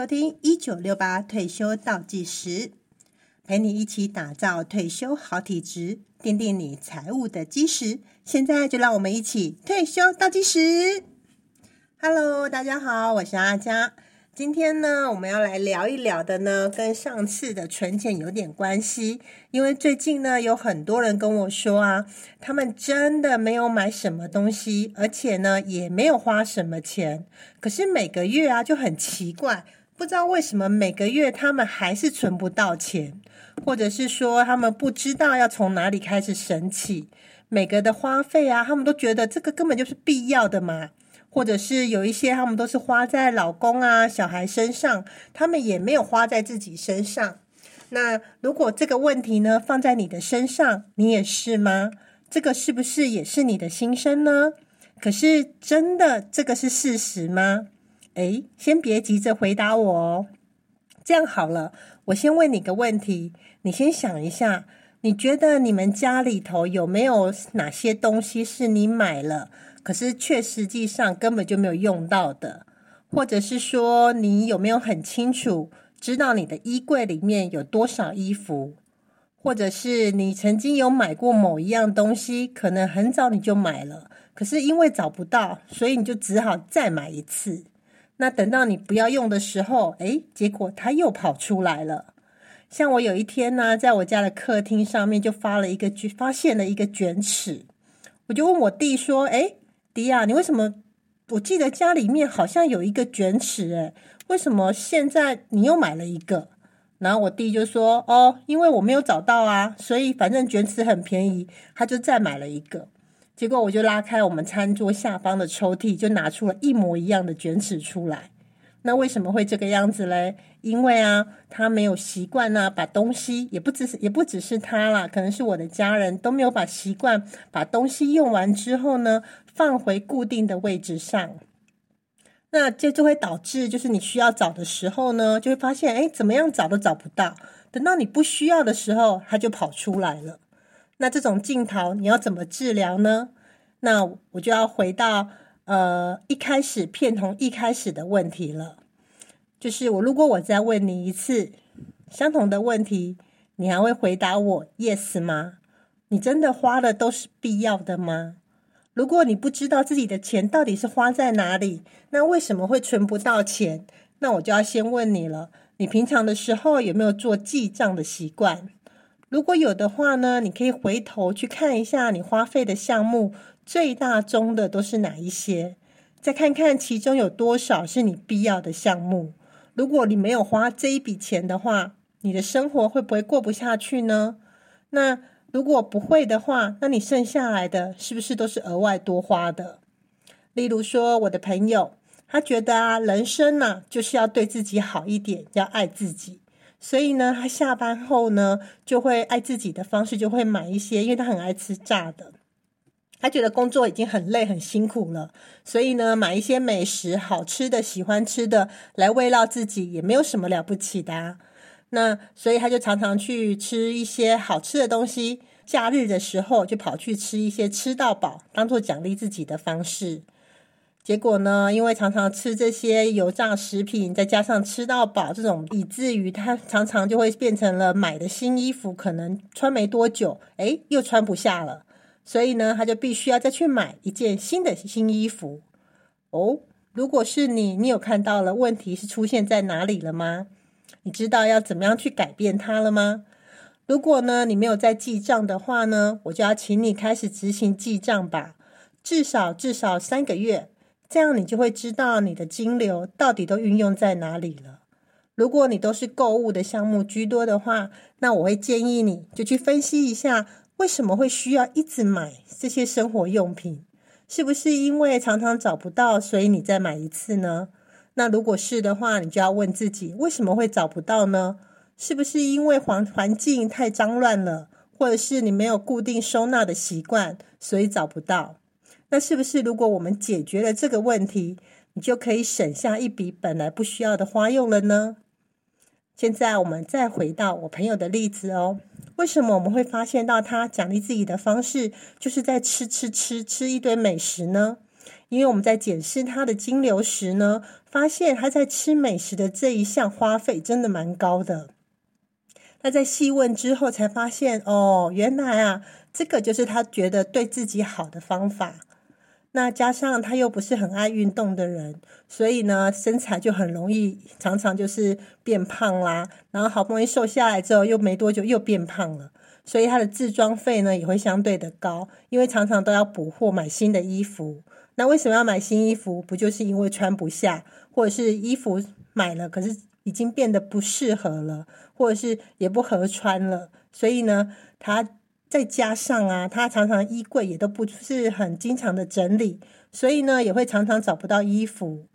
收聽一九六八退休倒計時，陪你一起打造退休好體質，奠定你財務的基石。現在就讓我們一起退休倒計時。Hello，大家好，我是阿佳。今天呢，我們要來聊一聊的呢，跟上次的存錢有點關係。因為最近呢，有很多人跟我說啊，他們真的沒有買什麼東西，而且呢，也沒有花什麼錢，可是每個月啊，就很奇怪。不知道為什麼，每個月他們還是存不到錢，或者是說他們不知道要從哪裡開始省起，每個的花費啊，他們都覺得這個根本就是必要的嘛，或者是有一些他們都是花在老公啊、小孩身上，他們也沒有花在自己身上。那如果這個問題呢，放在你的身上，你也是嗎？這個是不是也是你的心聲呢？可是真的這個是事實嗎？誒，先別急着回答我哦。這樣好了，我先問你個問題，你先想一下。你覺得你們家裡頭有沒有哪些東西是你買了，可是卻實際上根本就沒有用到的？或者是說，你有沒有很清楚知道你的衣櫃裡面有多少衣服？或者是你曾經有買過某一樣東西，可能很早你就買了，可是因為找不到，所以你就只好再買一次。那等到你不要用的時候，誒，結果他又跑出來了。像我有一天呢、啊，在我家的客廳上面就發了一個就發現了一個捲尺，我就問我弟說：“誒，弟、啊，你為什麼？我記得家裡面好像有一個捲尺，誒，為什麼現在你又買了一個？”然後我弟就說：“哦，因為我沒有找到啊，所以反正捲尺很便宜，他就再買了一個。”結果我就拉開我們餐桌下方的抽屜，就拿出了一模一樣的捲尺出來。那為什麼會這個樣子嘞？因為啊，他沒有習慣啊，把東西也不只是，也不只是他啦，可能是我的家人都沒有把習慣把東西用完之後呢，放回固定的位置上。那這就會導致，就是你需要找的時候呢，就會發現哎，怎麼樣找都找不到。等到你不需要的時候，他就跑出來了。那這種鏡頭你要怎麼治療呢？那我就要回到呃一開始片頭一開始的問題了，就是我如果我再問你一次相同的問題，你還會回答我 Yes 嗎？你真的花的都是必要的嗎？如果你不知道自己的錢到底是花在哪裡，那為什麼會存不到錢？那我就要先問你了，你平常的時候有沒有做記賬的習慣？如果有的話呢，你可以回頭去看一下你花費的項目，最大宗的都是哪一些，再看看其中有多少是你必要的項目。如果你沒有花這一筆錢的話，你的生活會不會過不下去呢？那如果不會的話，那你剩下來的是不是都是額外多花的？例如說，我的朋友，他覺得啊，人生呢，啊，就是要對自己好一點，要愛自己。所以呢，他下班後呢，就會愛自己的方式，就會買一些，因為他很愛吃炸的。他覺得工作已經很累、很辛苦了，所以呢，買一些美食、好吃的、喜歡吃的來慰勞自己，也沒有什麼了不起的啊。那所以他就常常去吃一些好吃的東西，假日的時候就跑去吃一些吃到飽，當作獎勵自己的方式。結果呢，因為常常吃這些油炸食品，再加上吃到飽這種，以至於他常常就會變成了買的新衣服，可能穿沒多久，哎，又穿不下了，所以呢，他就必須要再去買一件新的新衣服。哦，如果是你，你有看到了問題是出現在哪裡了嗎？你知道要怎麼樣去改變它了嗎？如果呢，你沒有在記賬的話呢，我就要請你開始執行記賬吧，至少至少三個月。這樣你就會知道你的金流到底都運用在哪裡了。如果你都是購物的項目居多的話，那我會建議你就去分析一下，為什麼會需要一直買這些生活用品？是不是因為常常找不到，所以你再買一次呢？那如果是的話，你就要問自己，為什麼會找不到呢？是不是因為環環境太髒亂了，或者是你沒有固定收納的習慣，所以找不到？那是不是如果我們解決了這個問題，你就可以省下一筆本來不需要的花用了呢？現在我們再回到我朋友的例子哦，為什麼我們會發現到他獎勵自己的方式就是在吃吃吃吃一堆美食呢？因為我們在檢視他的金流時呢，發現他在吃美食的這一項花費真的蠻高的。那在細問之後才發現，哦，原來啊，這個就是他覺得對自己好的方法。那加上他又不是很愛運動的人，所以呢，身材就很容易，常常就是變胖啦。然後好不容易瘦下來之後，又沒多久又變胖了。所以他的置裝費呢也會相對的高，因為常常都要補貨買新的衣服。那為什麼要買新衣服？不就是因為穿不下，或者是衣服買了可是已經變得不適合了，或者是也不合穿了？所以呢，他。再加上啊，他常常衣櫃也都不是很經常的整理，所以呢也會常常找不到衣服。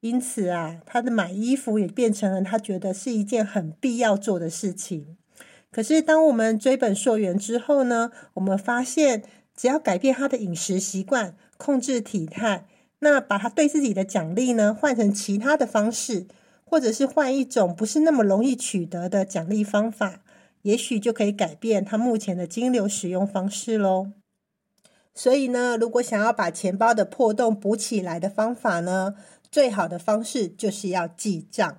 因此啊，他的買衣服也變成了他覺得是一件很必要做的事情。可是當我們追本溯源之後呢，我們發現只要改變他的飲食習慣，控制體態，那把他對自己的獎勵呢換成其他的方式，或者是換一種不是那麼容易取得的獎勵方法。也許就可以改變他目前的金流使用方式嘍。所以呢，如果想要把錢包的破洞補起來的方法呢，最好的方式就是要記賬。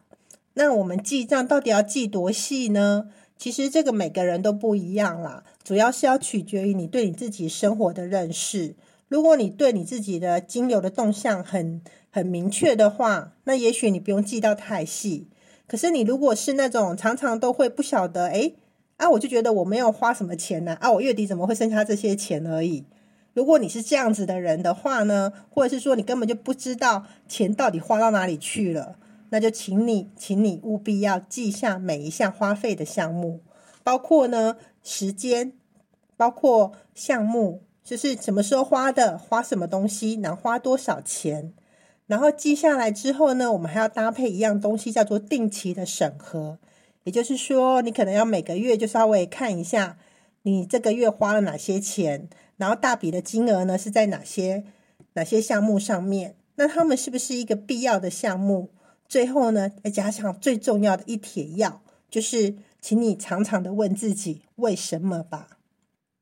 那我們記賬到底要記多細呢？其實這個每個人都不一樣啦，主要是要取決於你對你自己生活的認識。如果你對你自己的金流的動向很很明確的話，那也許你不用記到太細。可是你如果是那種常常都會不曉得，誒、欸啊，我就覺得我沒有花什麼錢呢，啊，啊，我月底怎麼會剩下這些錢而已？如果你是這樣子的人的話呢，或者是說你根本就不知道錢到底花到哪裡去了，那就請你，請你務必要記下每一項花費的項目，包括呢時間，包括項目，就是什麼時候花的，花什麼東西，然後花多少錢，然後記下來之後呢，我們還要搭配一樣東西，叫做定期的審核。也就是說，你可能要每個月就稍微看一下，你這個月花了哪些錢，然後大筆的金額呢是在哪些哪些項目上面？那他們是不是一個必要的項目？最後呢，再加上最重要的一帖藥，就是請你常常的問自己為什麼吧。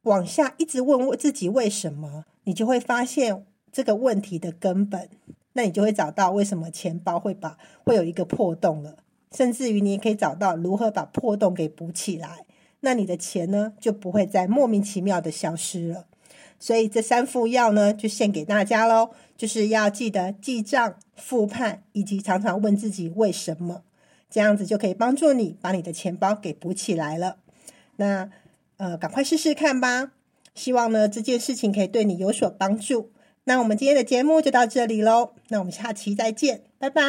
往下一直問自己為什麼，你就會發現這個問題的根本。那你就會找到為什麼錢包會把，會有一個破洞了。甚至於你也可以找到如何把破洞給補起來，那你的錢呢，就不會再莫名其妙的消失了。所以這三副藥呢，就獻給大家嘍，就是要記得記賬、復盤，以及常常問自己為什麼，這樣子就可以幫助你把你的錢包給補起來了。那呃，趕快試試看吧。希望呢，這件事情可以對你有所幫助。那我們今天的節目就到這裡嘍，那我們下期再見，拜拜。